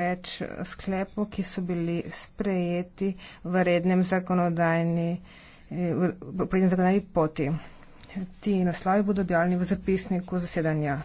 več sklepov, ki so bili sprejeti v rednem zakonodajni, eh, v rednem zakonodajni poti. Ti naslovi bodo objavljeni v zapisniku zasedanja.